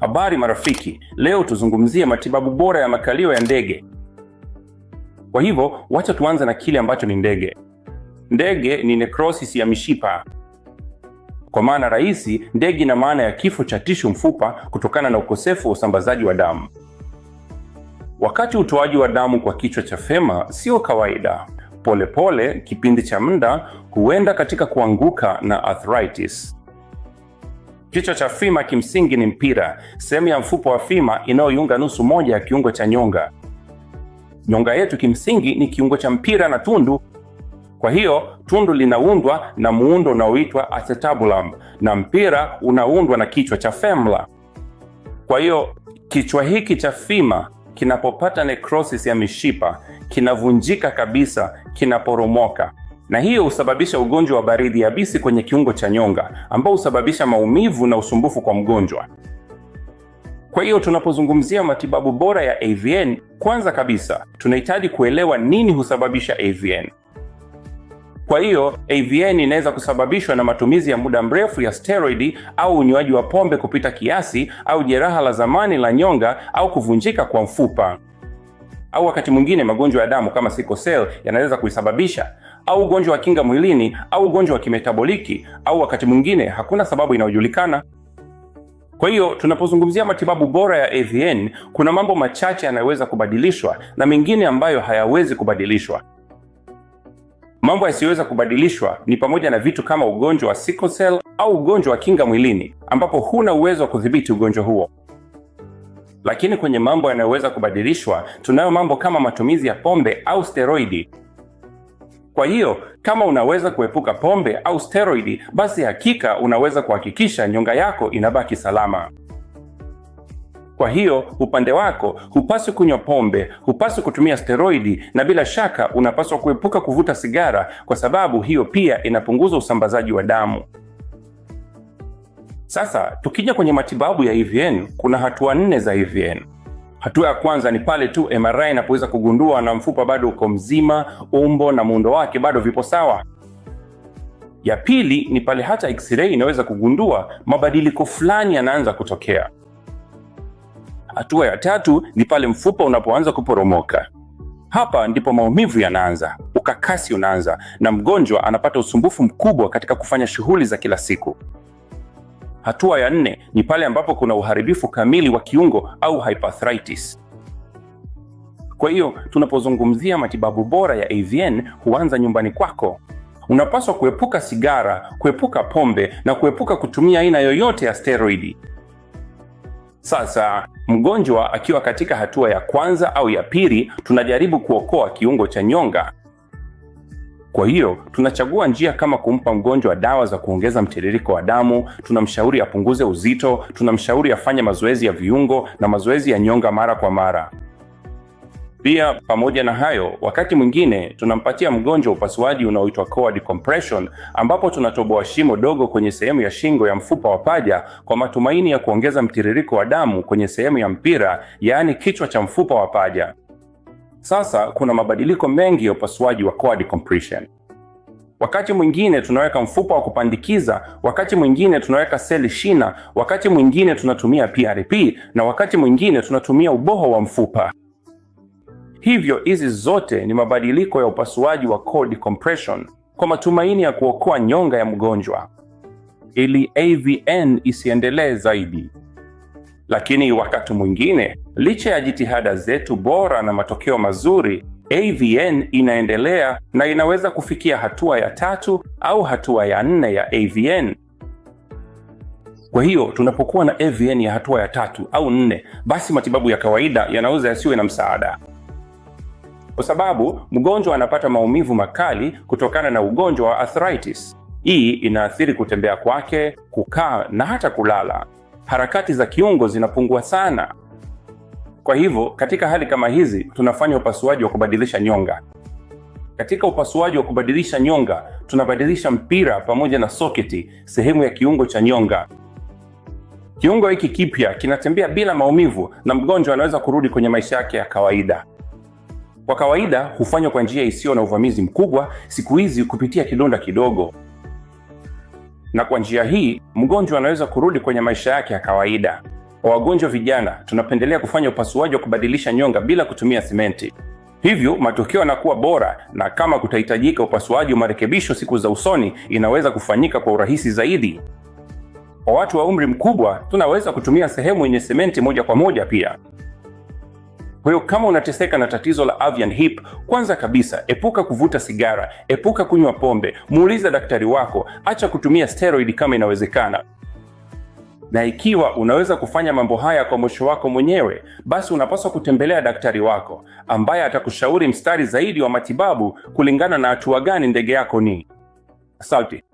Habari marafiki, leo tuzungumzie matibabu bora ya makalio ya ndege. Kwa hivyo wacha tuanze na kile ambacho ni ndege. Ndege ni necrosis ya mishipa. Kwa maana rahisi, ndege ina maana ya kifo cha tishu mfupa kutokana na ukosefu wa usambazaji wa damu. Wakati utoaji wa damu kwa kichwa cha fema sio kawaida, polepole pole, kipindi cha muda huenda katika kuanguka na arthritis. Kichwa cha fima kimsingi ni mpira, sehemu ya mfupo wa fima inayoiunga nusu moja ya kiungo cha nyonga. Nyonga yetu kimsingi ni kiungo cha mpira na tundu. Kwa hiyo tundu linaundwa na muundo unaoitwa acetabulum na mpira unaundwa na kichwa cha femla. Kwa hiyo kichwa hiki cha fima kinapopata necrosis ya mishipa kinavunjika kabisa, kinaporomoka na hiyo husababisha ugonjwa wa baridi yabisi kwenye kiungo cha nyonga ambao husababisha maumivu na usumbufu kwa mgonjwa. Kwa hiyo tunapozungumzia matibabu bora ya AVN, kwanza kabisa tunahitaji kuelewa nini husababisha AVN. Kwa hiyo AVN inaweza kusababishwa na matumizi ya muda mrefu ya steroidi au unywaji wa pombe kupita kiasi au jeraha la zamani la nyonga au kuvunjika kwa mfupa au wakati mwingine magonjwa ya damu kama sickle cell yanaweza kuisababisha, au ugonjwa wa kinga mwilini au ugonjwa wa kimetaboliki au wakati mwingine hakuna sababu inayojulikana. Kwa hiyo tunapozungumzia matibabu bora ya AVN, kuna mambo machache yanayoweza kubadilishwa na mengine ambayo hayawezi kubadilishwa. Mambo yasiyoweza kubadilishwa ni pamoja na vitu kama ugonjwa wa sickle cell au ugonjwa wa kinga mwilini, ambapo huna uwezo wa kudhibiti ugonjwa huo. Lakini kwenye mambo yanayoweza kubadilishwa, tunayo mambo kama matumizi ya pombe au steroidi kwa hiyo kama unaweza kuepuka pombe au steroidi, basi hakika unaweza kuhakikisha nyonga yako inabaki salama. Kwa hiyo upande wako, hupaswi kunywa pombe, hupaswi kutumia steroidi, na bila shaka unapaswa kuepuka kuvuta sigara, kwa sababu hiyo pia inapunguza usambazaji wa damu. Sasa tukija kwenye matibabu ya EVN, kuna hatua nne za EVN. Hatua ya kwanza ni pale tu MRI inapoweza kugundua na mfupa bado uko mzima, umbo na muundo wake bado vipo sawa. Ya pili ni pale hata X-ray inaweza kugundua mabadiliko fulani yanaanza kutokea. Hatua ya tatu ni pale mfupa unapoanza kuporomoka. Hapa ndipo maumivu yanaanza, ukakasi unaanza, na mgonjwa anapata usumbufu mkubwa katika kufanya shughuli za kila siku. Hatua ya nne ni pale ambapo kuna uharibifu kamili wa kiungo au hyperarthritis. Kwa hiyo tunapozungumzia matibabu bora ya AVN huanza nyumbani kwako. Unapaswa kuepuka sigara, kuepuka pombe na kuepuka kutumia aina yoyote ya steroidi. Sasa mgonjwa akiwa katika hatua ya kwanza au ya pili, tunajaribu kuokoa kiungo cha nyonga. Kwa hiyo tunachagua njia kama kumpa mgonjwa dawa za kuongeza mtiririko wa damu, tunamshauri apunguze uzito, tunamshauri afanye mazoezi ya viungo na mazoezi ya nyonga mara kwa mara. Pia pamoja na hayo, wakati mwingine tunampatia mgonjwa upasuaji unaoitwa ambapo tunatoboa shimo dogo kwenye sehemu ya shingo ya mfupa wa paja kwa matumaini ya kuongeza mtiririko wa damu kwenye sehemu ya mpira, yaani kichwa cha mfupa wa paja. Sasa kuna mabadiliko mengi ya upasuaji wa core decompression. Wakati mwingine tunaweka mfupa wa kupandikiza, wakati mwingine tunaweka seli shina, wakati mwingine tunatumia PRP na wakati mwingine tunatumia uboho wa mfupa. Hivyo hizi zote ni mabadiliko ya upasuaji wa core decompression kwa matumaini ya kuokoa nyonga ya mgonjwa ili AVN isiendelee zaidi. Lakini wakati mwingine, licha ya jitihada zetu bora na matokeo mazuri, AVN inaendelea na inaweza kufikia hatua ya tatu au hatua ya nne ya AVN. Kwa hiyo tunapokuwa na AVN ya hatua ya tatu au nne, basi matibabu ya kawaida yanaweza yasiwe na msaada, kwa sababu mgonjwa anapata maumivu makali kutokana na ugonjwa wa arthritis. Hii inaathiri kutembea kwake, kukaa na hata kulala harakati za kiungo zinapungua sana. Kwa hivyo katika hali kama hizi tunafanya upasuaji wa kubadilisha nyonga. Katika upasuaji wa kubadilisha nyonga tunabadilisha mpira pamoja na soketi, sehemu ya kiungo cha nyonga. Kiungo hiki kipya kinatembea bila maumivu na mgonjwa anaweza kurudi kwenye maisha yake ya kawaida. Kwa kawaida hufanywa kwa njia isiyo na uvamizi mkubwa siku hizi kupitia kidonda kidogo na kwa njia hii mgonjwa anaweza kurudi kwenye maisha yake ya kawaida. Kwa wagonjwa vijana, tunapendelea kufanya upasuaji wa kubadilisha nyonga bila kutumia simenti, hivyo matokeo yanakuwa bora, na kama kutahitajika upasuaji wa marekebisho siku za usoni, inaweza kufanyika kwa urahisi zaidi. Kwa watu wa umri mkubwa, tunaweza kutumia sehemu yenye simenti moja kwa moja pia. Kwa hiyo kama unateseka na tatizo la avian hip, kwanza kabisa epuka kuvuta sigara, epuka kunywa pombe, muuliza daktari wako, acha kutumia steroid kama inawezekana. Na ikiwa unaweza kufanya mambo haya kwa mwisho wako mwenyewe, basi unapaswa kutembelea daktari wako ambaye atakushauri mstari zaidi wa matibabu kulingana na hatua gani ndege yako ni. Asante.